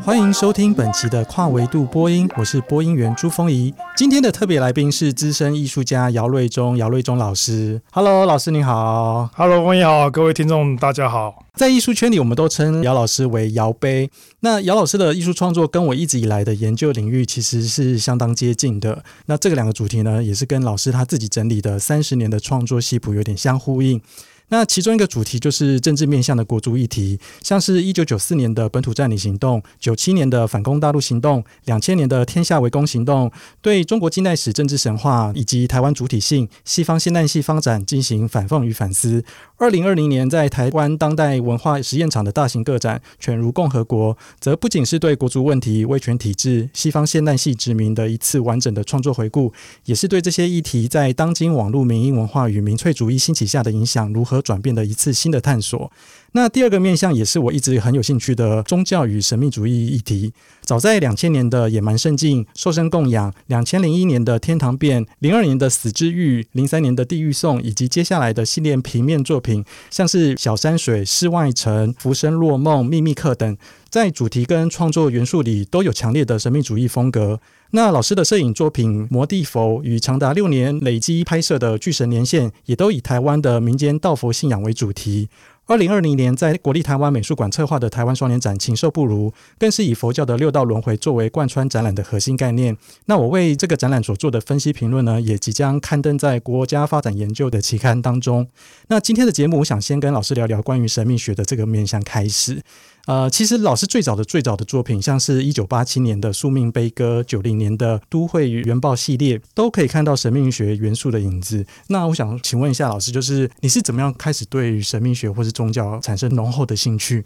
歡迎收聽本期的跨維度播音，我是播音員朱峯誼。今天的特別來賓是資深藝術家姚瑞中，姚瑞中老師。Hello，老師您好。Hello，歡迎好，各位聽眾大家好。在藝術圈裡，我們都稱姚老師為姚杯。那姚老師的藝術創作跟我一直以來的研究領域其實是相當接近的。那這個兩個主題呢，也是跟老師他自己整理的三十年的創作系譜有點相呼應。那其中一個主題就是政治面向的國族議題，像是1994年的本土佔領行動、97年的反攻大陸行動、2000年的天下圍攻行動，對中國近代史政治神話以及台灣主體性、西方現代系發展進行反諷與反思。2020年在台灣當代文化實驗場的大型個展《犬儒共和國》，則不僅是對國族問題、威權體制、西方現代系殖民的一次完整的創作回顧，也是對這些議題在當今網絡、民營文化與民粹主義興起下的影響如何和轉變的一次新的探索。那第二個面向也是我一直很有興趣的宗教與神秘主義議題。早在兩千年的《野蠻聖境》《獸身供養》，兩千零一年的《天堂變》，零二年的《死之域》，零三年的《地獄頌》，以及接下來的系列平面作品，像是《小山水》《世外城》《浮生若夢》《秘密客》等，在主題跟創作元素裡都有強烈的神秘主義風格。那老師的攝影作品《摩地佛》與長達六年累積拍攝的《巨神連線》，也都以台灣的民間道佛信仰為主題。二零二零年在國立台灣美術館策劃的台灣雙年展《禽獸不如》，更是以佛教的六道輪迴作為貫穿展覽的核心概念。那我為這個展覽所做的分析評論呢，也即將刊登在《國家發展研究》的期刊當中。那今天的節目，我想先跟老師聊聊關於神秘學的這個面向，開始。呃，其實老師最早的最早的作品，像是一九八七年的《宿命悲歌》，九零年的《都會與原爆》系列，都可以看到神秘學元素的影子。那我想請問一下老師，就是你是怎麼樣開始對神秘學或是宗教產生濃厚的興趣？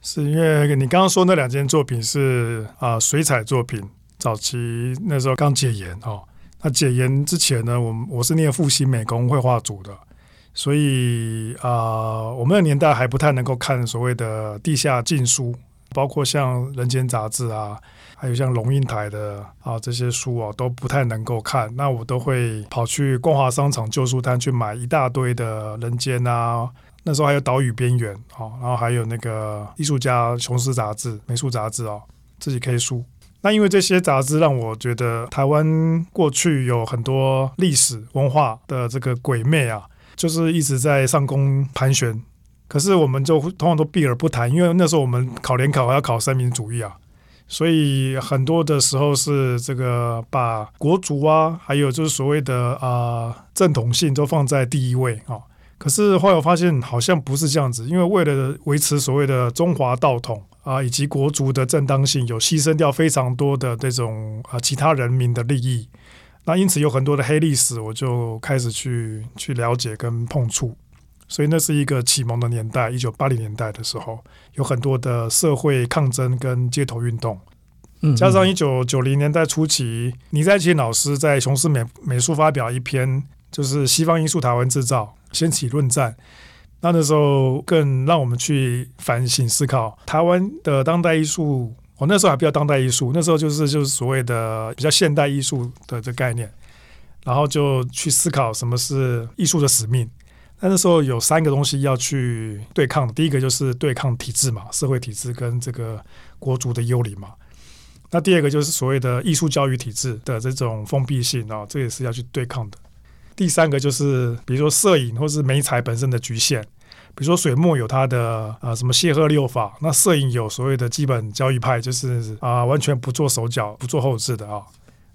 是因為你剛剛說的那兩件作品是啊、呃，水彩作品，早期那時候剛解嚴哦。那解嚴之前呢，我我是念復興美工繪畫組的。所以啊、呃，我們的年代還不太能夠看所謂的地下禁書，包括像《人間》雜誌啊，還有像龍印《龍應台》的啊這些書哦、啊，都不太能夠看。那我都會跑去光華商場舊書攤去買一大堆的《人間》啊，那時候還有《島嶼邊緣》啊、哦，然後還有那個藝術家雄獅雜誌、美術雜誌啊、哦，自己可以書。那因為這些雜誌讓我覺得台灣過去有很多歷史文化的這個鬼魅啊，就是一直在上空盤旋，可是我們就通常都避而不談，因為那時候我們考聯考還要考三民主義啊，所以很多的時候是這個把國族啊，還有就是所謂的啊正統性都放在第一位啊。可是後來我發現好像不是這樣子，因為為了維持所謂的中華道統啊，以及國族的正當性，有犧牲掉非常多的這種啊其他人民的利益。那因此有很多的黑歷史，我就開始去去了解跟碰觸，所以那是一個啟蒙的年代，一九八零年代的時候，有很多的社會抗爭跟街頭運動，嗯嗯加上一九九零年代初期，倪再沁老師在雄獅《雄獅美美術》發表一篇，就是西方藝術台灣制造，掀起論戰。那那時候更讓我們去反省思考台灣的當代藝術。我、哦、那時候還比較當代藝術，那時候就是就是所謂的比較現代藝術的這概念，然後就去思考什麼是藝術的使命。那那時候有三個東西要去對抗：第一個就是對抗體制嘛，社會體制跟這個國族的幽靈嘛；那第二個就是所謂的藝術教育體制的這種封閉性啊、哦，這也是要去對抗的；第三個就是比如說攝影或是媒材本身的局限。比如說水墨有它的啊、呃、什麼謝赫六法，那攝影有所謂的基本教義派，就是啊、呃、完全不做手腳、不做後製的啊，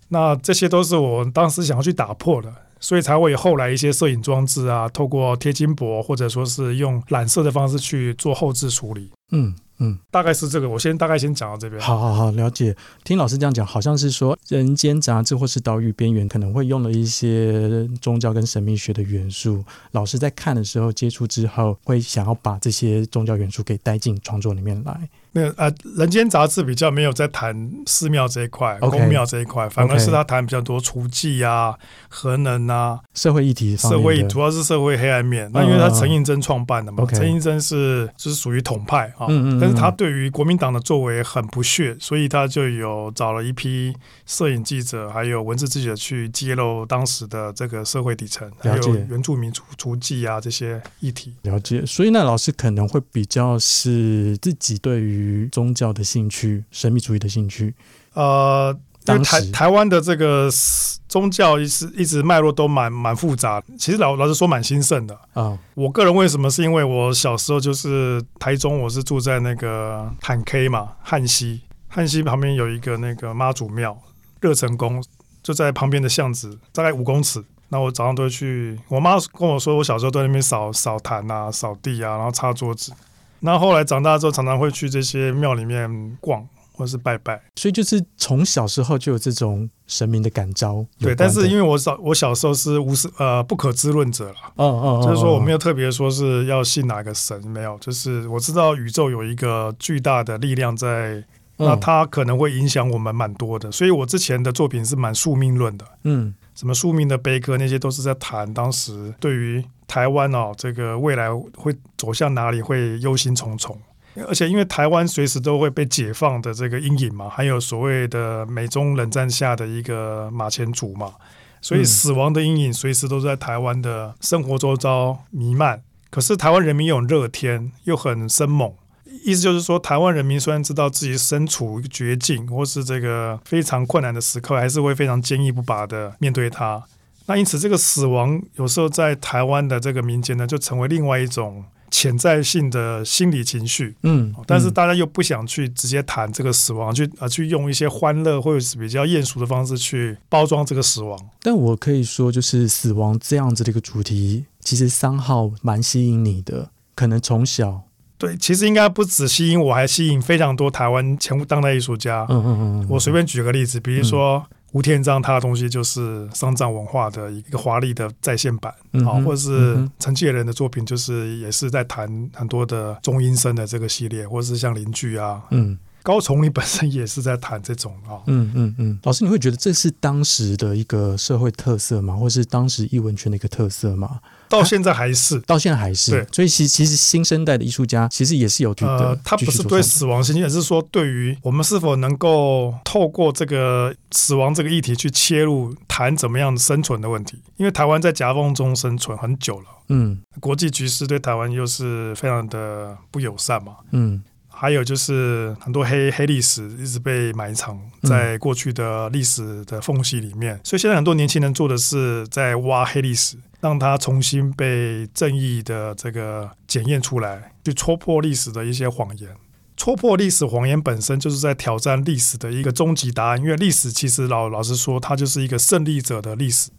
那這些都是我當時想要去打破的，所以才會有後來一些攝影裝置啊，透過貼金箔或者說是用染色的方式去做後製處理。嗯。嗯，大概是這個。我先大概先講到這邊。好，好，好，了解。聽老師這樣講，好像是說《人間雜誌》或是《島嶼邊緣》可能會用了一些宗教跟神秘學的元素。老師在看的時候接觸之後，會想要把這些宗教元素給帶進創作裡面來。那啊、呃，人間雜誌比較沒有在談寺廟這一塊、宮廟 Okay, 這一塊，okay, 反而是他談比較多雛妓啊、核能啊、社會議題、社會主要是社會黑暗面。嗯、那因為他陳映真創辦的嘛，陳 okay, 映真是就是屬於統派啊，嗯嗯嗯，但是他對於國民黨的作為很不屑，所以他就有找了一批攝影記者還有文字記者去揭露當時的這個社會底層，解還有原住民雛雛妓啊這些議題。了解，所以那老師可能會比較是自己對於。於宗教的興趣、神秘主義的興趣，呃，當時，台台灣的這個宗教一直一直脈絡都蠻蠻複雜的。其實老老實說，蠻興盛的啊。嗯，我個人為什麼？是因為我小時候就是台中，我是住在那個漢 K 嘛，漢溪。漢溪旁邊有一個那個媽祖廟，熱成宮就在旁邊的巷子，大概五公尺。那我早上都會去，我媽跟我說，我小時候都在那邊掃掃壇啊，掃地啊，然後擦桌子。那後來長大之後，常常會去這些廟裡面逛，或是拜拜。所以就是從小時候就有這種神明的感召的。對，但是因為我小我小時候是無呃不可知論者了，嗯嗯、哦哦哦哦哦，就是說我沒有特別說是要信哪個神，沒有，就是我知道宇宙有一個巨大的力量在，嗯、那它可能會影響我們蠻多的。所以我之前的作品是蠻宿命論的，嗯，什麼宿命的悲歌那些都是在談當時對於。台灣哦，這個未來會走向哪裡，會憂心忡忡。而且因為台灣隨時都會被解放的這個陰影嘛，還有所謂的美中冷戰下的一個馬前卒嘛，所以死亡的陰影隨時都在台灣的生活周遭彌漫。可是台灣人民有熱天又很生猛，意思就是說，台灣人民雖然知道自己身處絕境或是這個非常困難的時刻，還是會非常堅毅不拔的面對它。那因此，這個死亡有時候在台灣的這個民間呢，就成為另外一種潛在性的心理情緒。嗯，嗯，但是大家又不想去直接談這個死亡，去啊，去用一些歡樂或者是比較艷俗的方式去包裝這個死亡。但我可以說，就是死亡這樣子的一個主題，其實三號蠻吸引你的。可能從小，對，其實應該不只吸引我，還吸引非常多台灣前當代藝術家。嗯嗯嗯，嗯嗯嗯，我隨便舉個例子，比如說。嗯吳天章他的東西就是喪葬文化的一個華麗的再現版，嗯嗯，或者是陳界仁的作品，就是也是在談很多的中陰身的這個系列，或者是像鄰居啊，嗯，高重黎本身也是在談這種啊，嗯，嗯嗯嗯，老師，你會覺得這是當時的一個社會特色嗎？或者是當時藝文圈的一個特色嗎？到現在還是、啊，到現在還是對，所以其其實新生代的藝術家其實也是有覺得、呃，他不是對死亡興趣，而是說對於我們是否能夠透過這個死亡這個議題去切入談怎麼樣生存的問題。因為台灣在夾縫中生存很久了，嗯，國際局勢對台灣又是非常的不友善嘛，嗯。還有就是很多黑黑歷史一直被埋藏在過去的歷史的縫隙裡面，嗯，所以現在很多年輕人做的是在挖黑歷史，讓它重新被正義的這個檢驗出來，去戳破歷史的一些謊言。戳破歷史謊言本身就是在挑戰歷史的一個終極答案，因為歷史其實老老實說，它就是一個勝利者的歷史。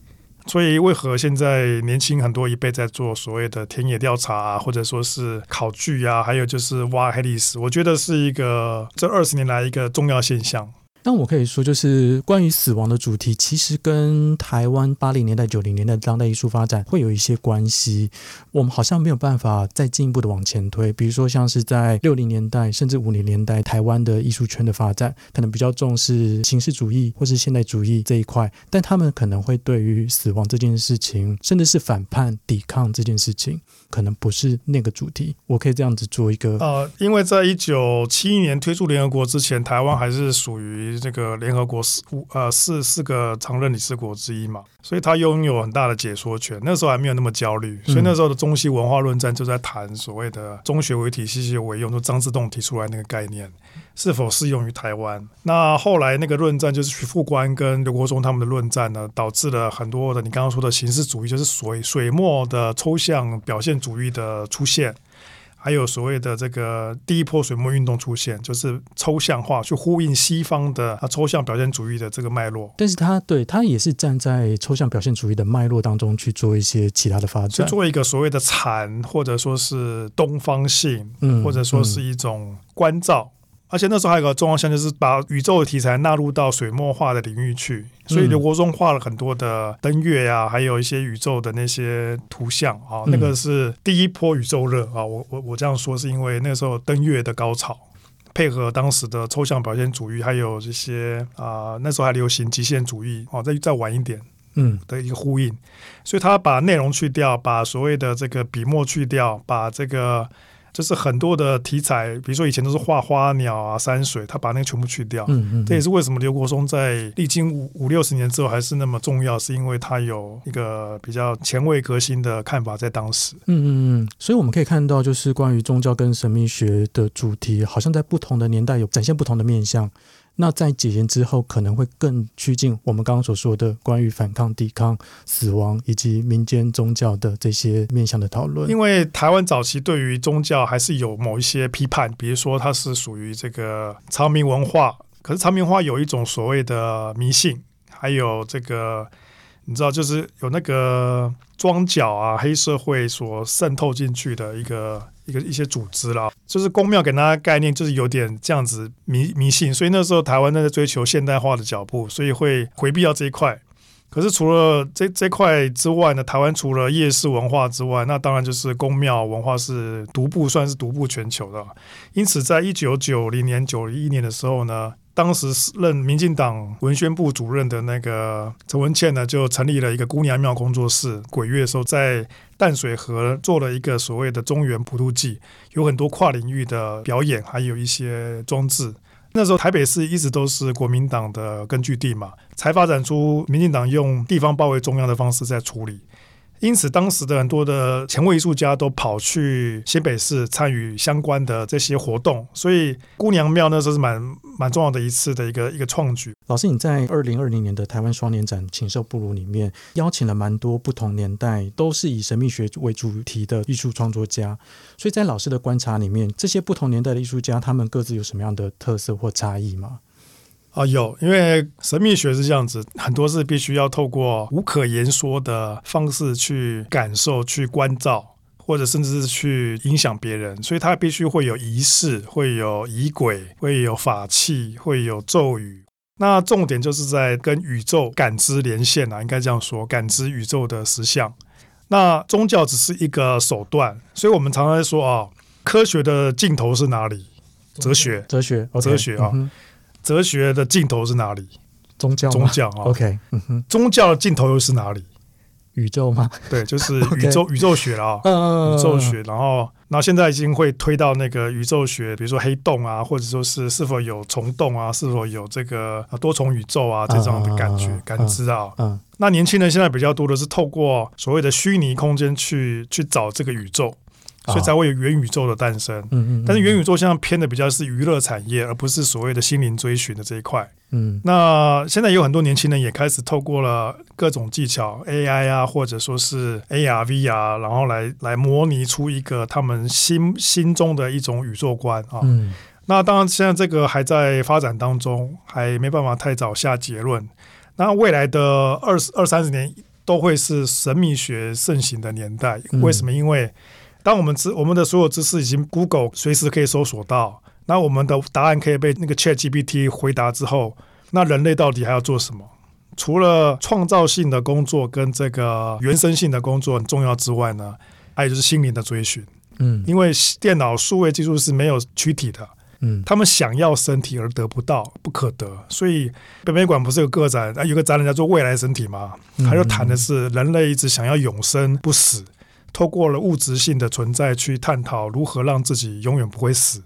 所以，為何現在年輕很多一輩在做所謂的田野調查啊，或者說是考據啊，還有就是挖黑歷史，我覺得是一個這二十年來一個重要現象。但我可以說，就是關於死亡的主題，其實跟台灣八零年代、九零年代當代藝術發展會有一些關係。我們好像沒有辦法再進一步的往前推，比如說像是在六零年代甚至五零年代，台灣的藝術圈的發展可能比較重視形式主義或是現代主義這一塊，但他們可能會對於死亡這件事情，甚至是反叛、抵抗這件事情。可能不是那個主題，我可以這樣子做一個。呃，因為在一九七一年退出聯合國之前，台灣還是屬於這個聯合國四五呃四四個常任理事國之一嘛，所以他擁有很大的解說權。那時候還沒有那麼焦慮，所以那時候的中西文化論戰就在談所謂的中學為體，西學為用，就張之洞提出來那個概念。是否適用於台灣？那後來那個論戰，就是徐復觀跟劉國松他們的論戰呢，導致了很多的你剛剛說的形式主義，就是所謂水墨的抽象表現主義的出現，還有所謂的這個第一波水墨運動出現，就是抽象化去呼應西方的啊抽象表現主義的這個脈絡。但是他對他也是站在抽象表現主義的脈絡當中去做一些其他的發展，就做一個所謂的禪，或者說是東方性，嗯嗯、或者說是一種關照。而且那時候還有一個重要項，就是把宇宙的題材納入到水墨畫的領域去。所以劉國松畫了很多的登月啊，還有一些宇宙的那些圖像啊。那個是第一波宇宙熱啊。我我我這樣說是因為那時候登月的高潮，配合當時的抽象表現主義，還有這些啊，那時候還流行極限主義啊。再再晚一點，嗯，的一個呼應。所以他把內容去掉，把所謂的這個筆墨去掉，把這個。就是很多的題材，比如說以前都是畫花鳥啊、山水，他把那個全部去掉。嗯嗯，這也是為什麼劉國松在歷經五五六十年之後還是那麼重要，是因為他有一個比較前衛、革新的看法在當時。嗯嗯嗯，所以我們可以看到，就是關於宗教跟神秘學的主題，好像在不同的年代有展現不同的面向。那在解嚴之後，可能會更趨近我們剛剛所說的關於反抗、抵抗、死亡以及民間宗教的這些面向的討論。因為台灣早期對於宗教還是有某一些批判，比如說它是屬於這個常民文化，可是常民文化有一種所謂的迷信，還有這個。你知道，就是有那個莊腳啊，黑社會所滲透進去的一個一個一些組織啦，就是宮廟給大家概念，就是有點這樣子迷迷信，所以那時候台灣在追求現代化的腳步，所以會回避掉這一塊。可是除了這這塊之外呢，台灣除了夜市文化之外，那當然就是宮廟文化是獨步，算是獨步全球的。因此，在一九九零年、九一年的時候呢。當時是任民進黨文宣部主任的那個陳文茜呢，就成立了一個“姑娘廟工作室”，鬼月的時候，在淡水河做了一個所謂的“中原普渡祭”，有很多跨領域的表演，還有一些裝置。那時候台北市一直都是國民黨的根據地嘛，才發展出民進黨用地方包圍中央的方式在處理。因此，當時的很多的前衛藝術家都跑去新北市參與相關的這些活動，所以姑娘廟呢，就是蠻蠻重要的一次的一個一個創舉。老師，你在二零二零年的台灣雙年展《禽獸不如》裡面，邀請了蠻多不同年代都是以神秘學為主題的藝術創作家，所以在老師的觀察裡面，這些不同年代的藝術家，他們各自有什麼樣的特色或差異嗎？啊，有，因為神秘學是這樣子，很多是必須要透過無可言說的方式去感受、去觀照，或者甚至是去影響別人，所以它必須會有儀式、會有儀軌、會有法器、會有咒語。那重點就是在跟宇宙感知連線啊，應該這樣說，感知宇宙的實相。那宗教只是一個手段，所以我們常常在說啊、哦，科學的盡頭是哪裡？哲學，哲學，哲學啊。哲學的盡頭是哪裡？宗教，宗教啊、哦 okay, 嗯。OK，宗教的盡頭又是哪裡？宇宙嗎？對，就是宇宙 宇宙學啊、哦嗯。嗯嗯，宇宙學，然後那現在已經會推到那個宇宙學，比如說黑洞啊，或者說是是否有蟲洞啊，是否有這個多重宇宙啊這種的感覺、嗯、感知啊、哦嗯。嗯。那年輕人現在比較多的是透過所謂的虛擬空間去去找這個宇宙。所以才會有元宇宙的誕生。嗯嗯。但是元宇宙現在偏的比較是娛樂產業，而不是所謂的心靈追尋的這一塊。嗯。那現在有很多年輕人也開始透過了各種技巧，AI 啊，或者說是 AR、VR，然後來來模擬出一個他們心心中的一種宇宙觀啊。嗯。那當然，現在這個還在發展當中，還沒辦法太早下結論。那未來的二十二三十年都會是神秘學盛行的年代。為什麼？因為當我們知我們的所有知識已經 Google 隨時可以搜索到，那我們的答案可以被那個 ChatGPT 回答之後，那人類到底還要做什麼？除了創造性的工作跟這個原生性的工作很重要之外呢，還、啊、有就是心靈的追尋。嗯，因為電腦數位技術是沒有軀體的。嗯，他們想要身體而得不到，不可得，所以北美館不是個個、啊、有個展有個展覽叫做未來身體嘛？他就談的是人類一直想要永生不死。透過了物質性的存在去探討如何讓自己永遠不會死，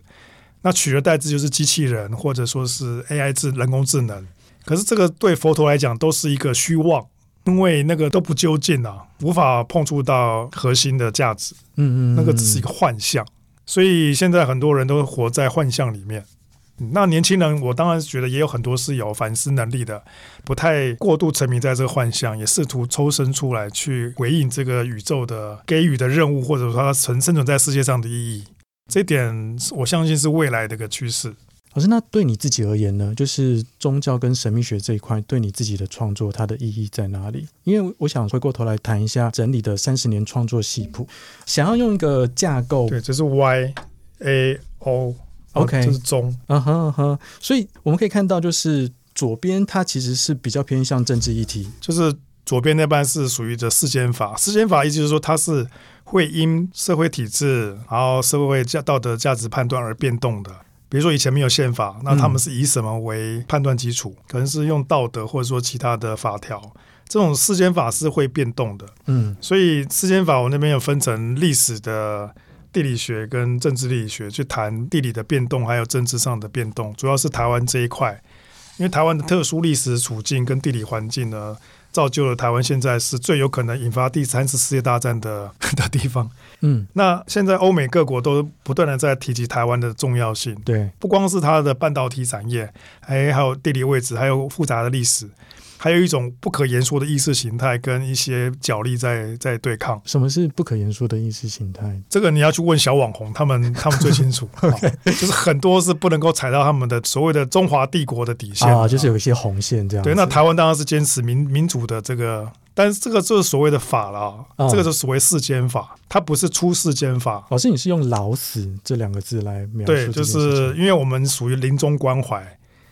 那取而代之就是機器人或者說是 AI 智人工智能。可是這個對佛陀來講都是一個虛妄，因為那個都不究竟啊，無法碰觸到核心的價值。嗯嗯，那個只是一個幻象，所以現在很多人都活在幻象裡面。那年輕人，我當然覺得也有很多是有反思能力的，不太過度沉迷在這個幻象，也試圖抽身出來去回應這個宇宙的給予的任務，或者說它存生存在世界上的意義。這點我相信是未來的一個趨勢。可是那對你自己而言呢？就是宗教跟神秘學這一塊對你自己的創作它的意義在哪裡？因為我想回過頭來談一下整理的三十年創作系譜，想要用一個架構。對，這是 Y A O。OK，就是中，嗯哼嗯哼。所以我們可以看到，就是左邊它其實是比較偏向政治議題，就是左邊那半是屬於的世間法。世間法，意思就是說它是會因社會體制，然後社會價道德價值判斷而變動的。比如說以前沒有憲法，那他們是以什麼為判斷基礎？嗯、可能是用道德，或者說其他的法條。這種世間法是會變動的。嗯，所以世間法我那邊有分成歷史的。地理學跟政治地理學去談地理的變動，還有政治上的變動，主要是台灣這一塊，因為台灣的特殊歷史處境跟地理環境呢，造就了台灣現在是最有可能引發第三次世界大戰的的地方。嗯，那現在歐美各國都不斷的在提及台灣的重要性，對，不光是它的半導體產業，還有地理位置，還有複雜的歷史。還有一種不可言說的意識形態跟一些角力在在對抗。什麼是不可言說的意識形態？這個你要去問小網紅，他們他們最清楚。 okay, 就是很多是不能夠踩到他們的所謂的中華帝國的底線啊，啊就是有一些紅線這樣。對，那台灣當然是堅持民民主的這個，但是這個就是所謂的法了，啊、這個就是所謂世間法，它不是出世間法。老師、哦，哦、你是用“老死”這兩個字來描述？對，就是因為我們屬於臨終關懷。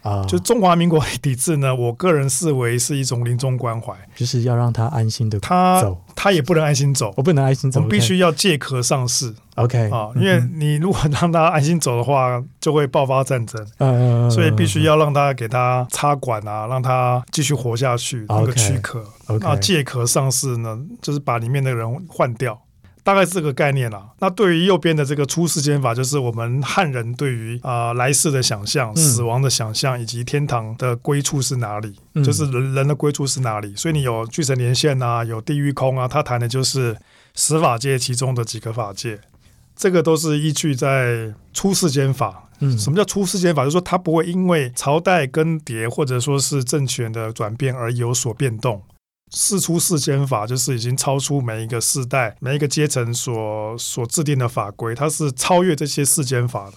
啊、哦，就，是、就是中華民國體制呢，我個人視為是一種臨終關懷，就是要讓他安心的走他，他也不能安心走，我不能安心走，我們必須要借殼上市，OK 啊，因為你如果讓他安心走的話，就會爆發戰爭，嗯嗯，嗯，嗯，嗯，嗯，嗯，嗯嗯，所以必須要讓他給他插管啊，讓他繼續活下去，那個軀殼、哦、OK，啊、okay，借殼上市呢，就是把裡面的人換掉。大概是這個概念啦、啊。那對於右邊的這個出世間法，就是我們漢人對於啊、呃、來世的想象、死亡的想象，以及天堂的歸處是哪裡，嗯、就是人人的歸處是哪裡。所以你有巨神連線啊，有地獄空啊，他談的就是十法界其中的幾個法界。這個都是依據在出世間法。嗯，什麼叫出世間法？就是說它不會因為朝代更迭或者說是政權的轉變而有所變動。世出世間法就是已經超出每一個世代、每一個階層所所制定的法規，它是超越這些世間法的。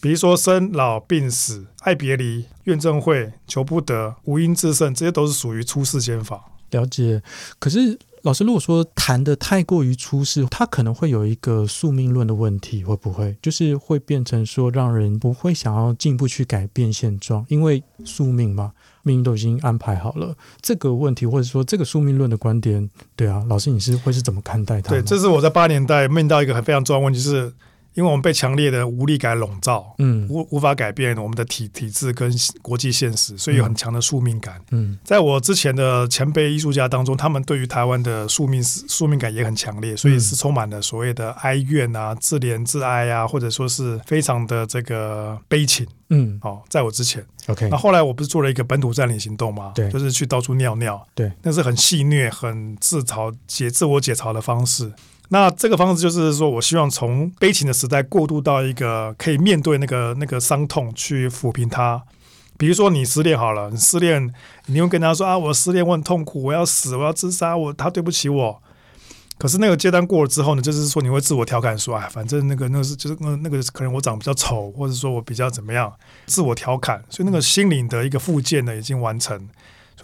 比如說生老病死、愛別離、怨憎會、求不得、五陰熾盛，這些都是屬於出世間法。了解。可是。老師，如果說談得太過於出世，它可能會有一個宿命論的問題，會不會就是會變成說讓人不會想要進一步去改變現狀，因為宿命嘛，命運都已經安排好了。這個問題或者說這個宿命論的觀點，對啊，老師你是會是怎麼看待它？對，這是我在八年代面臨到一個很非常重要的問題，是，因為我們被強烈的無力感籠罩，嗯，無無法改變我們的體體制跟國際現實，所以有很強的宿命感。嗯，在我之前的前輩藝術家當中，他們對於台灣的宿命宿命感也很強烈，所以是充滿了所謂的哀怨啊、自憐自哀啊，或者說是非常的這個悲情。嗯，哦，在我之前，OK，那後來我不是做了一個本土占領行動嗎？對就是去到處尿尿。對，那是很戲謔、很自嘲、解自我解嘲的方式。那這個方式就是說，我希望從悲情的時代過渡到一個可以面對那個那個傷痛去撫平它。比如說你失戀好了，失戀你會跟他說啊，我失戀，我很痛苦，我要死，我要自殺，我他對不起我。可是那個階段過了之後呢，就是說你會自我調侃說哎，反正那個那是就是那那個可能我長得比較醜，或者說我比較怎麼樣，自我調侃，所以那個心靈的一個復健呢已經完成。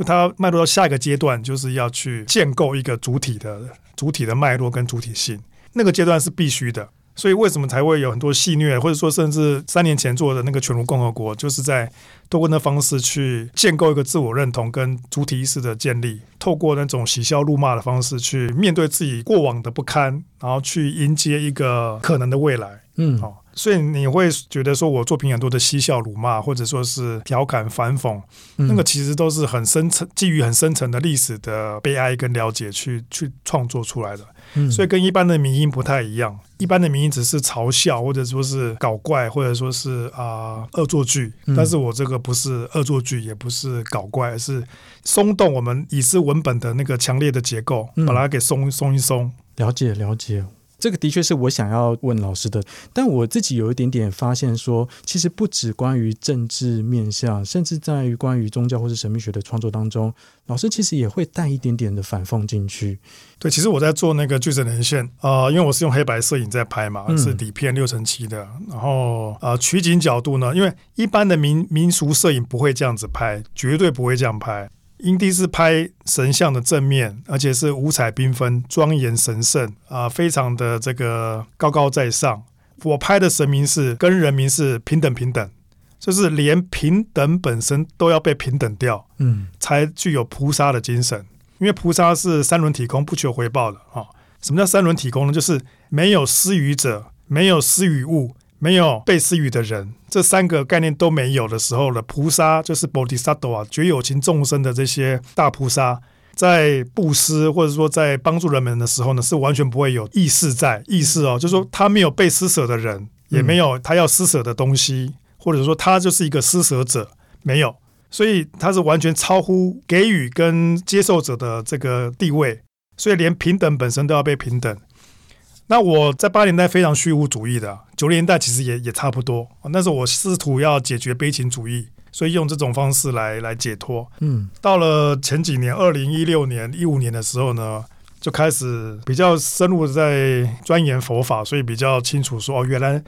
它脈絡到下一個階段，就是要去建構一個主體的主體的脈絡跟主體性，那個階段是必須的。所以為什麼才會有很多戲謔，或者說甚至三年前做的那個《犬儒共和國》，就是在通過那方式去建構一個自我認同跟主體意識的建立，透過那種嬉笑怒罵的方式去面對自己過往的不堪，然後去迎接一個可能的未來。嗯，好。所以你會覺得說，我作品很多的嬉笑、辱罵，或者說是調侃、反諷，嗯、那個其實都是很深層、基於很深層的歷史的悲哀跟了解去去創作出來的。嗯、所以跟一般的迷因不太一樣，一般的迷因只是嘲笑，或者說是搞怪，或者說是啊、呃、惡作劇。嗯、但是我這個不是惡作劇，也不是搞怪，而是鬆動我們已知文本的那個強烈的結構，嗯、把它給鬆鬆一鬆。了解，了解。這個的確是我想要問老師的，但我自己有一點點發現說，說其實不止關於政治面向，甚至在於關於宗教或者神秘學的創作當中，老師其實也會帶一點點的反諷進去。對，其實我在做那個巨神連線啊、呃，因為我是用黑白攝影在拍嘛，嗯、是底片六乘七的，然後呃取景角度呢，因為一般的民民俗攝影不會這樣子拍，絕對不會這樣拍。因地是拍神像的正面，而且是五彩繽紛、莊嚴神聖啊、呃，非常的這個高高在上。我拍的神明是跟人民是平等平等，就是連平等本身都要被平等掉，嗯，才具有菩薩的精神。因為菩薩是三輪體空、不求回報的啊、哦。什麼叫三輪體空呢？就是沒有施與者，沒有施與物，沒有被施與的人。這三個概念都沒有的時候呢，菩薩就是 Bodhisattva 啊，覺有情眾生的這些大菩薩，在布施或者說在幫助人們的時候呢，是完全不會有意識在意識哦，就是說他沒有被施捨的人，也沒有他要施捨的東西，嗯、或者說他就是一個施捨者，沒有，所以他是完全超乎給予跟接受者的這個地位，所以連平等本身都要被平等。那我在八零年代非常虛無主義的，九零年代其實也也差不多。那時候我試圖要解決悲情主義，所以用這種方式來來解脫。嗯，到了前幾年，二零一六年、一五年的時候呢，就開始比較深入在鑽研佛法，所以比較清楚說，哦，原來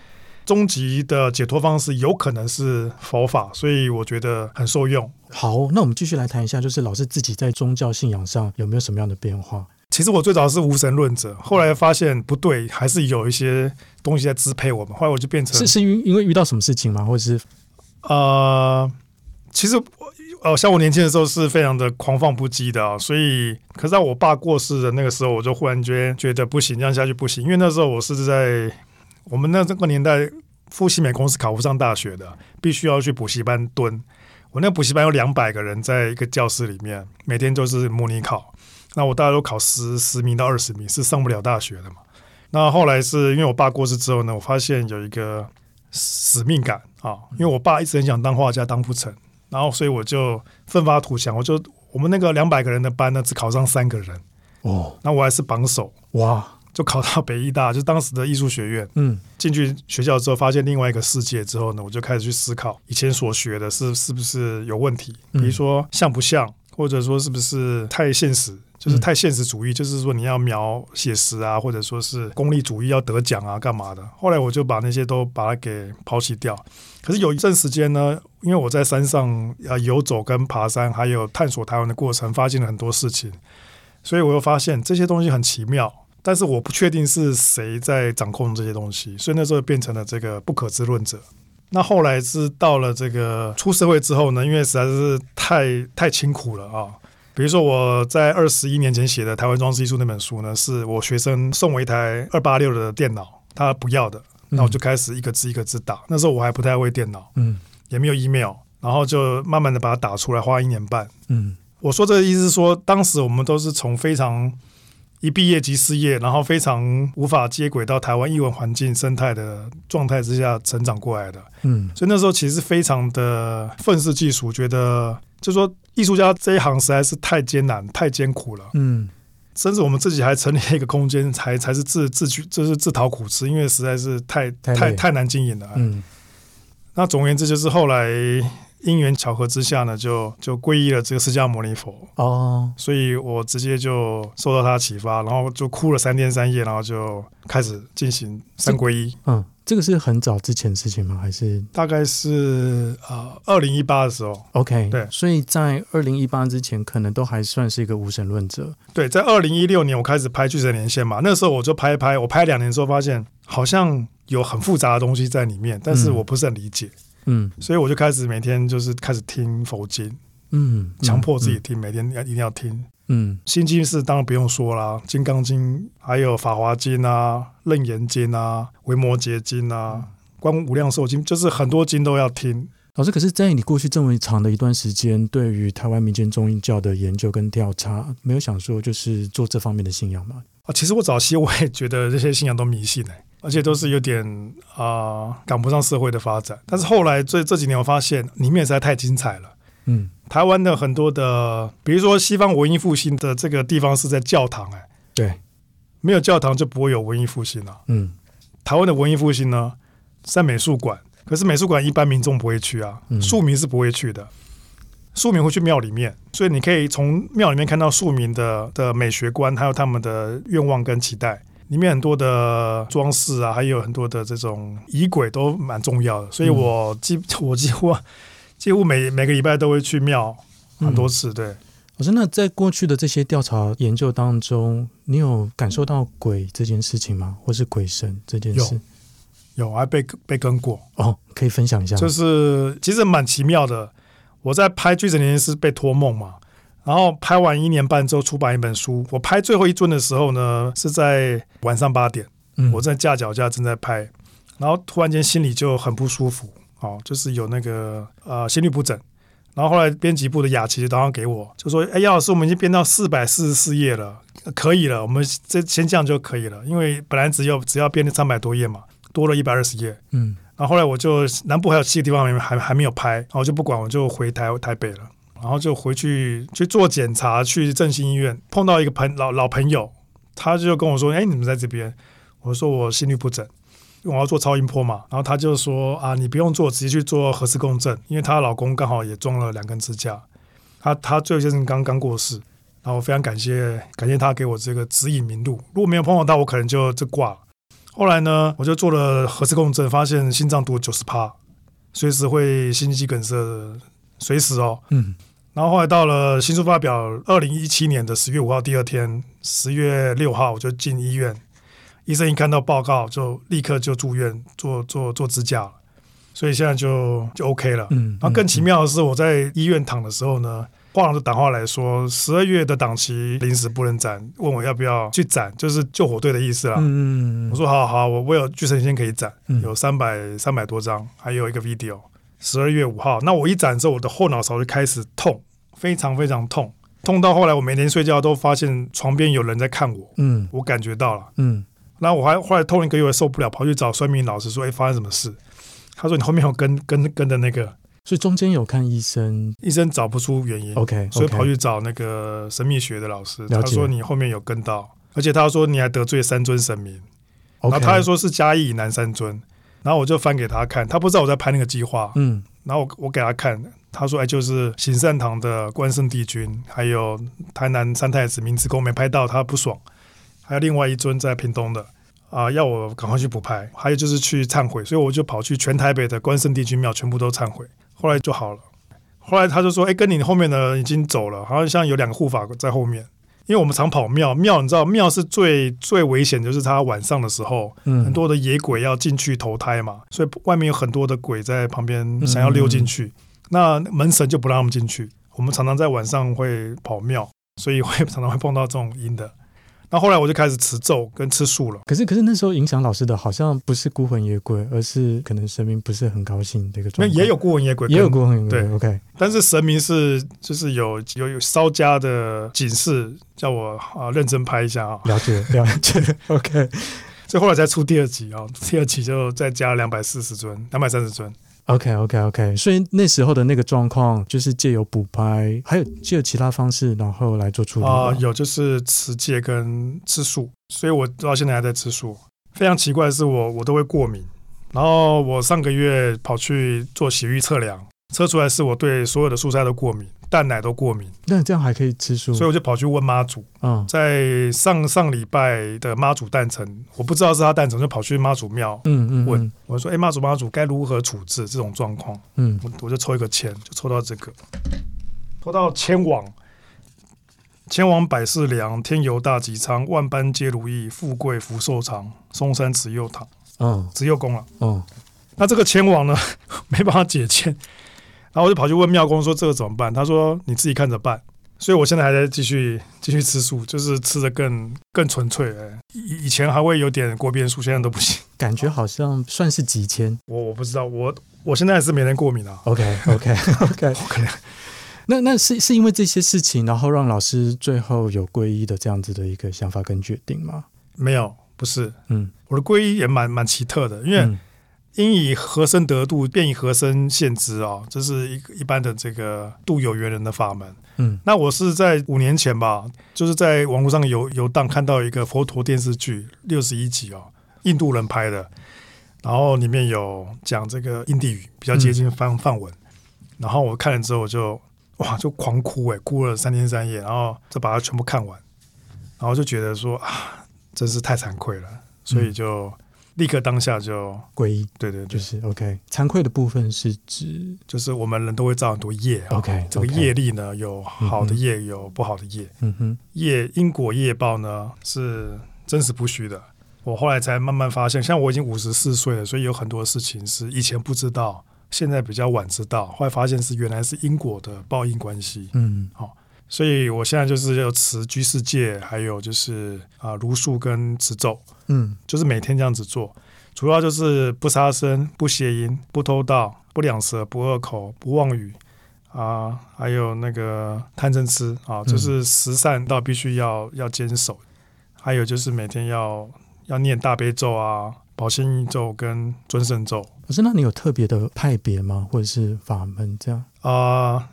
終極的解脫方式有可能是佛法，所以我覺得很受用。好，那我們繼續來談一下，就是老師自己在宗教信仰上有沒有什麼樣的變化？其實我最早是無神論者，後來發現不對，還是有一些東西在支配我們。後來我就變成是是因因為遇到什麼事情嗎？或者是啊、呃、其實我呃，像我年輕的時候是非常的狂放不羈的、啊、所以，可是在我爸過世的那個時候，我就忽然間覺得覺得不行，這樣下去不行。因為那時候我是在我們那這個年代，複習沒功是考不上大學的，必須要去補習班蹲。我那補習班有兩百個人在一個教室裡面，每天就是模擬考。那我大概都考十十名到二十名是上不了大學的嘛。那後來是因為我爸過世之後呢，我發現有一個使命感啊，因為我爸一直很想當畫家，當不成，然後所以我就奮發圖強。我就我們那個兩百個人的班呢，只考上三個人哦，那我還是榜首哇，就考到北藝大，就當時的藝術學院。嗯，進去學校之後，發現另外一個世界之後呢，我就開始去思考以前所學的是是不是有問題，嗯、比如說像不像。或者說是不是太現實，就是太現實主義，嗯、就是說你要描寫實啊，或者說是功利主義要得獎啊，幹嘛的？後來我就把那些都把它給拋棄掉。可是有一陣時間呢，因為我在山上游走跟爬山，還有探索台灣的過程，發現了很多事情，所以我又發現這些東西很奇妙。但是我不確定是誰在掌控這些東西，所以那時候變成了這個不可知論者。那後來是到了這個出社會之後呢，因為實在是太太辛苦了啊。比如說我在二十一年前寫的《台灣裝置藝術》那本書呢，是我學生送我一台二八六的電腦，他不要的，嗯、那我就開始一個字一個字打。那時候我還不太會電腦，嗯，也沒有 email，然後就慢慢的把它打出來，花一年半。嗯，我說這個意思是說，當時我們都是從非常。一畢業即失業，然後非常無法接軌到台灣藝文環境生態的狀態之下成長過來的，嗯，所以那時候其實非常的憤世嫉俗，覺得就是說藝術家這一行實在是太艱難、太艱苦了，嗯，甚至我們自己還成立一個空間，才才是自自取，就是自討苦吃，因為實在是太太太，累太難經營了，欸，嗯，那總而言之就是後來。因緣巧合之下呢，就就皈依了這個釋迦牟尼佛哦，oh. 所以我直接就受到他的啟發，然後就哭了三天三夜，然後就開始進行三皈依。嗯，這個是很早之前的事情嗎？還是大概是呃二零一八的時候？OK，對，所以在二零一八之前，可能都還算是一個無神論者。對，在二零一六年我開始拍《巨神連線》嘛，那時候我就拍一拍，我拍兩年之後發現，好像有很複雜的東西在裡面，但是我不是很理解。嗯嗯，所以我就開始每天就是開始聽佛經，嗯，嗯嗯、強迫自己聽，嗯嗯、每天要一定要聽，嗯，心經是當然不用說啦，金剛經還有法華經啊、楞嚴經啊、維摩詰經啊、觀、嗯、無量壽經，就是很多經都要聽。老師，可是，在你過去這麼長的一段時間，對於台灣民間宗教的研究跟調查，沒有想說就是做這方面的信仰嗎？啊，其實我早期我也覺得這些信仰都迷信哎、欸。而且都是有點啊，呃、趕不上社會的發展。但是後來這這幾年，我發現裡面也實在太精彩了。嗯，台灣的很多的，比如說西方文藝復興的這個地方是在教堂、欸，哎，對，沒有教堂就不會有文藝復興了、啊。嗯，台灣的文藝復興呢，是在美術館，可是美術館一般民眾不會去啊，嗯、庶民是不會去的，庶民會去廟裡面，所以你可以從廟裡面看到庶民的的美學觀，還有他們的願望跟期待。裡面很多的裝飾啊，還有很多的這種儀軌都蠻重要的，所以我幾、嗯、我幾乎幾乎每每個禮拜都會去廟很多次。對，我說、嗯、那在過去的這些調查研究當中，你有感受到鬼這件事情嗎？或是鬼神這件事？有，我還被被跟過哦，可以分享一下。就是其實蠻奇妙的，我在拍《劇子年》是被托夢嘛。然後拍完一年半之後出版一本書，我拍最後一尊的時候呢，是在晚上八點，我在架腳架正在拍，然後突然間心裡就很不舒服，哦，就是有那個呃心律不整，然後後來編輯部的雅琪就打電話給我，就說：“哎，姚老師，我們已經編到四百四十四頁了，呃，可以了，我們這先這樣就可以了，因為本來只有只要編三百多頁嘛，多了一百二十頁，嗯，然後後來我就南部還有七個地方還還還沒有拍，然後就不管，我就回台台北了。”然後就回去去做檢查，去振興醫院碰到一個朋友老老朋友，他就跟我說：“哎、欸，你們在這邊？”我說：“我心律不整，我要做超音波嘛。”然後他就說：“啊，你不用做，直接去做核磁共振。”因為他老公剛好也裝了兩根支架，他他最近剛剛過世，然後我非常感謝感謝他給我這個指引明路。如果沒有碰到他，我可能就這掛。後來呢，我就做了核磁共振，發現心臟堵九十趴，隨時會心肌梗塞，隨時哦。嗯。然後後來到了新書發表，二零一七年的十月五號第二天，十月六號我就進醫院，醫生一看到報告就立刻就住院做做做支架，所以現在就就 OK 了。嗯，嗯然後更奇妙的是我在醫院躺的時候呢，畫廊的打電話來說十二月的檔期臨時不能展，問我要不要去展，就是救火隊的意思了、嗯。嗯，我說好好，我我有巨神連線可以展，有三百三百多張，還有一個 video。十二月五號，那我一展之後，我的後腦勺就開始痛，非常非常痛，痛到後來我每天睡覺都發現床邊有人在看我，嗯，我感覺到了，嗯，那我還後來痛了一個月受不了，跑去找算命老師說，哎，發生什麼事？他說你後面有跟跟跟着那個，所以中間有看醫生，醫生找不出原因，OK，okay，所以跑去找那個神秘學的老師，了解。他說你後面有跟到，而且他說你還得罪三尊神明，Okay。然後他還說是嘉義南三尊。然後我就翻給他看，他不知道我在拍那個計劃。嗯，然後我我給他看，他說：“哎，就是行善堂的關聖帝君，還有台南三太子明志宮沒拍到，他不爽。還有另外一尊在屏東的，啊、呃，要我趕快去補拍。還有就是去懺悔，所以我就跑去全台北的關聖帝君廟全部都懺悔。後來就好了。後來他就說：“哎，跟你後面的人已經走了，好像像有兩個護法在後面。”因為我們常跑廟，廟你知道廟是最最危險的，就是它晚上的時候，嗯，很多的野鬼要進去投胎嘛，所以外面有很多的鬼在旁邊想要溜進去，嗯嗯，那門神就不讓他們進去，我們常常在晚上會跑廟，所以會常常會碰到這種陰的。那後，後來我就開始持咒跟吃素了。可是可是那時候影響老師的好像不是孤魂野鬼，而是可能神明不是很高興的一個狀態。也有孤魂野鬼，也有孤魂野鬼。對，對，OK。但是神明是就是有有有稍加的警示，叫我啊認真拍一下啊。了解了解 ，OK。所以後來才出第二集啊，哦，第二集就再加了兩百四十尊，兩百三十尊。OK OK OK，所以那時候的那個狀況就是借由補拍，還有借由其他方式，然後來做處理。呃。有就是持戒跟吃素，所以我到現在還在吃素。非常奇怪的是我，我我都會過敏，然後我上個月跑去做血液測量，測出來是我對所有的蔬菜都過敏。蛋奶都過敏，那這樣還可以吃素？所以我就跑去問媽祖。哦、在上上禮拜的媽祖誕辰，我不知道是他誕辰，就跑去媽祖廟。嗯嗯，嗯，問我說：“哎、欸，媽祖媽祖，該如何處置這種狀況？”嗯，嗯我，我我就抽一個籤，就抽到這個，抽到籤王。籤王百事良，天佑大吉昌，萬般皆如意，富貴福壽長，松山慈祐堂。嗯，哦、慈祐宮了。嗯，哦、那這個籤王呢，沒辦法解籤。然後我就跑去問廟公說：“這個怎麼辦？”他說：“你自己看着辦。”所以，我現在還在繼續繼續吃素，就是吃得更更純粹、欸。以以前還會有點鍋邊素，現在都不行。感覺好像算是幾千，我我不知道，我我現在還是每天過敏了、啊、OK OK OK，ok okay. 能。 那那是是因為這些事情，然後讓老師最後有皈依的這樣子的一個想法跟決定嗎？沒有，不是。嗯，我的皈依也蠻蠻奇特的，因為、嗯。應以何身得度，便以何身現之啊！這是一一般的這個度有緣人的法門。嗯，那我是在五年前吧，就是在網絡上遊遊蕩，看到一個佛陀電視劇六十一集哦，印度人拍的，然後裡面有講這個印地語比較接近翻梵文，嗯、然後我看了之後我就哇就狂哭誒，哭了三天三夜，然後就把它全部看完，然後就覺得說啊，真是太慚愧了，所以就。嗯立刻當下就皈依，對對對，就是 OK。慚愧的部分是指，就是我們人都會造很多業，OK。這個業力呢，有好的業，嗯、哼有不好的業，嗯哼。業因果業報呢，是真實不虛的。我後來才慢慢發現，像我已經五十四歲了，所以有很多事情是以前不知道，現在比較晚知道，後來發現是原來是因果的報應關係，嗯哼，好、哦。所以我現在就是要持居士戒，還有就是啊，茹、呃、素跟持咒，嗯，就是每天這樣子做。主要就是不殺生、不邪淫、不偷盜、不兩舌、不惡口、不妄語啊、呃，還有那個貪嗔痴啊、呃，就是十善道必須要要堅守。嗯、還有就是每天要要念大悲咒啊、保心咒跟尊勝咒。可是，那你有特別的派別嗎？或者是法門這樣啊？呃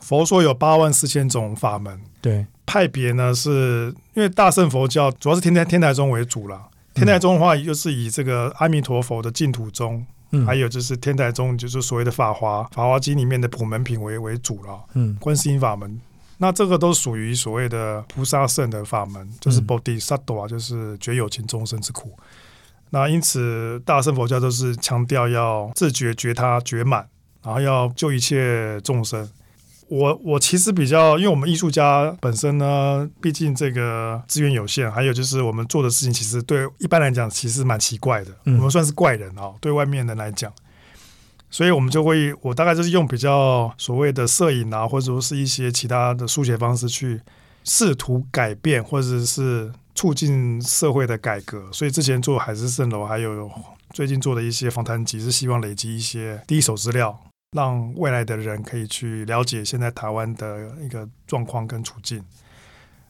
佛說有八萬四千種法門，對。派別呢是，是因為大乘佛教主要是天台天台宗為主了。天台宗、嗯、的話，就是以這個阿彌陀佛的淨土宗，嗯、還有就是天台宗就是所謂的法華法華經裡面的普門品為為主了。嗯，觀世音法門，那這個都屬於所謂的菩薩聖的法門，就是菩提薩埵啊，就是覺有情眾生之苦。那因此，大乘佛教就是強調要自覺覺他覺滿，然後要救一切眾生。我我其實比較，因為我們藝術家本身呢，畢竟這個資源有限，還有就是我們做的事情，其實對一般來講，其實蠻奇怪的，嗯、我們算是怪人啊、哦，對外面人來講，所以我們就會，我大概就是用比較所謂的攝影啊，或者說是一些其他的書寫方式去試圖改變，或者是，是促進社會的改革。所以之前做海市蜃樓，還有最近做的一些訪談集，是希望累積一些第一手資料。讓未來的人可以去了解現在台灣的一個狀況跟處境。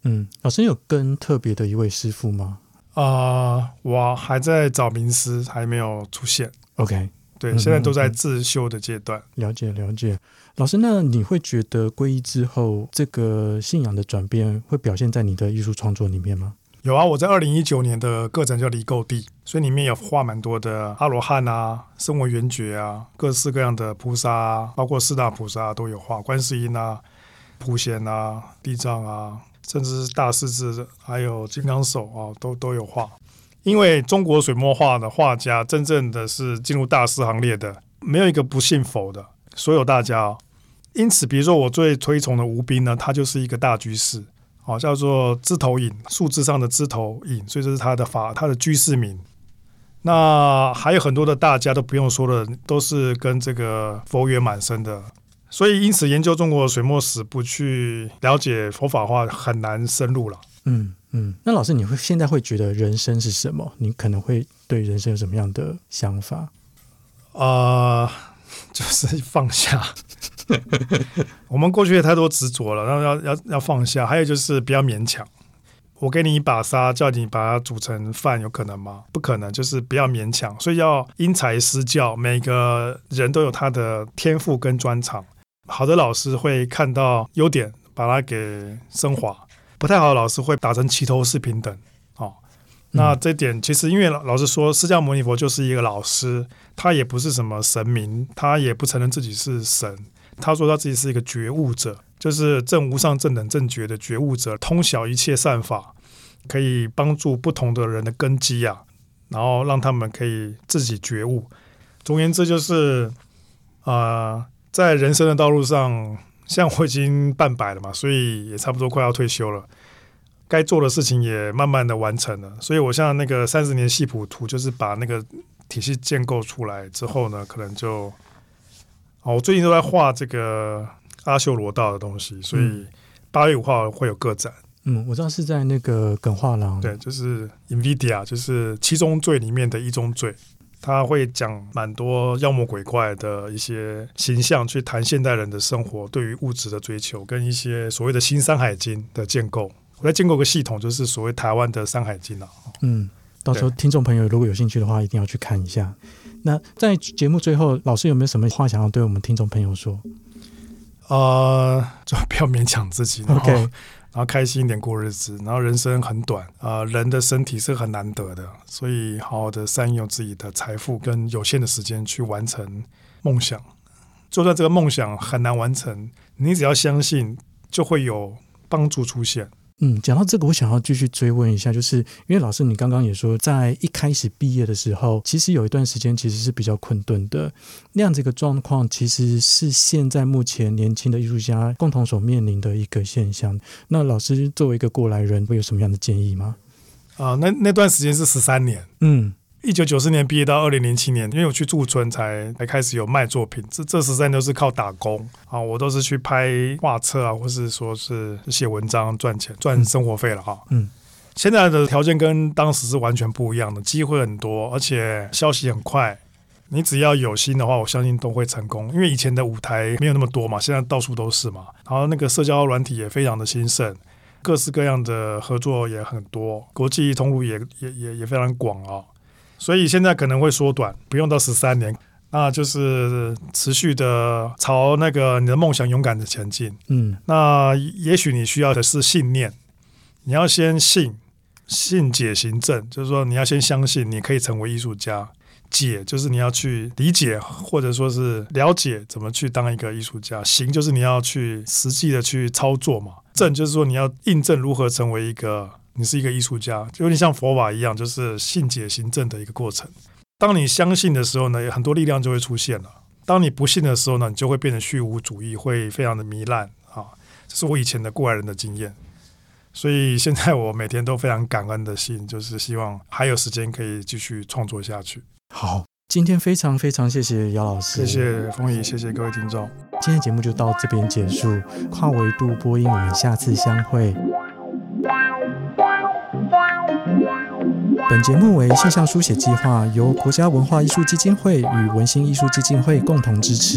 嗯，老師有跟特別的一位師傅嗎？啊、呃，我還在找名師，還沒有出現。OK，對，現在都在自修的階段，嗯嗯嗯嗯、了解了解。老師，那你會覺得皈依之後，這個信仰的轉變會表現在你的藝術創作裡面嗎？有啊，我在二零一九年的課程叫《離垢地》，所以裡面有畫蠻多的阿羅漢啊、聲聞緣覺啊、各式各樣的菩薩、啊，包括四大菩薩、啊、都有畫，觀世音啊、普賢啊、地藏啊，甚至是大勢至，還有金剛手啊，都都有畫。因為中國水墨畫的畫家，真正的是進入大師行列的，沒有一個不信佛的，所有大家、哦。因此，比如說我最推崇的吳彬呢，他就是一個大居士。哦，叫做枝頭影，樹枝上的枝頭影，所以這是他的法，他的居士名。那還有很多的，大家都不用說了，都是跟這個佛緣蠻深的。所以因此，研究中國水墨史不去了解佛法話，很難深入了。嗯嗯。那老師，你會現在會覺得人生是什麼？你可能會對人生有什麼樣的想法？啊、呃，就是放下。 我們過去也太多執着了，然後要要要放下。還有就是不要勉強。我給你一把沙，叫你把它煮成飯，有可能嗎？不可能，就是不要勉強。所以要因材施教，每個人都有他的天賦跟專長。好的老師會看到優點，把它給升華，不太好的老師會打成齊頭式平等。哦，嗯、那這點其實因為老師說，釋迦牟尼佛就是一個老師，他也不是什麼神明，他也不承認自己是神。他說他自己是一個覺悟者，就是正無上正等正覺的覺悟者，通曉一切善法，可以幫助不同的人的根基啊，然後讓他們可以自己覺悟。總而言之，就是啊、呃，在人生的道路上，像我已經半百了嘛，所以也差不多快要退休了，該做的事情也慢慢的完成了，所以我像那個三十年系譜圖，就是把那個體系建構出來之後呢，可能就。哦，我最近都在畫這個阿修羅道的東西，所以八月五號會有個展。嗯，我知道是在那個耿畫廊。對，就是 Invidia，就是七宗罪裡面的一宗罪。他會講蠻多妖魔鬼怪的一些形象，去談現代人的生活，對於物質的追求，跟一些所謂的新山海經的建構。我在建構一個系統，就是所謂台灣的山海經。嗯，到時候聽眾朋友如果有興趣的話，對一定要去看一下。那在節目最後，老師有沒有什麼話想要對我們聽眾朋友說？啊、呃，就不要勉強自己然後，OK，然後開心一點過日子，然後人生很短啊、呃，人的身體是很難得的，所以好好的善用自己的財富跟有限的時間去完成夢想，就算這個夢想很難完成，你只要相信，就會有幫助出現。嗯，講到這個，我想要繼續追問一下，就是因為老師你剛剛也說，在一開始畢業的時候，其實有一段時間其實是比較困頓的，那樣子一個狀況，其實是現在目前年輕的藝術家共同所面臨的一個現象。那老師作為一個過來人，會有什麼樣的建議嗎？啊，那那段時間是十三年。嗯。一九九四年畢業到二零零七年，因為我去駐村才才開始有賣作品，這這十三年都是靠打工啊，我都是去拍畫冊啊，或是說是寫文章賺錢賺生活費了哈。嗯，現在的條件跟當時是完全不一樣的，機會很多，而且消息很快。你只要有心的話，我相信都會成功，因為以前的舞台沒有那麼多嘛，現在到處都是嘛。然後那個社交軟體也非常的興盛，各式各樣的合作也很多，國際通路也也也也非常廣啊。所以現在可能會縮短，不用到十三年，那就是持續的朝那個你的夢想勇敢的前進。嗯，那也許你需要的是信念，你要先信，信解行證，就是說你要先相信你可以成為藝術家。解就是你要去理解或者說是了解怎麼去當一個藝術家。行就是你要去實際的去操作嘛。證就是說你要印證如何成為一個。你是一個藝術家，就有點像佛法一樣，就是信解行證的一個過程。當你相信的時候呢，有很多力量就會出現了；當你不信的時候呢，你就會變得虛無主義，會非常的糜爛啊！這是我以前的過來人的經驗。所以現在我每天都非常感恩的心，就是希望還有時間可以繼續創作下去。好，今天非常非常謝謝姚老師，謝謝峯誼，謝謝各位聽眾。今天節目就到這邊結束，跨維度播音，我們下次相會。本節目為現象書寫計劃，由國家文化藝術基金會與文心藝術基金會共同支持。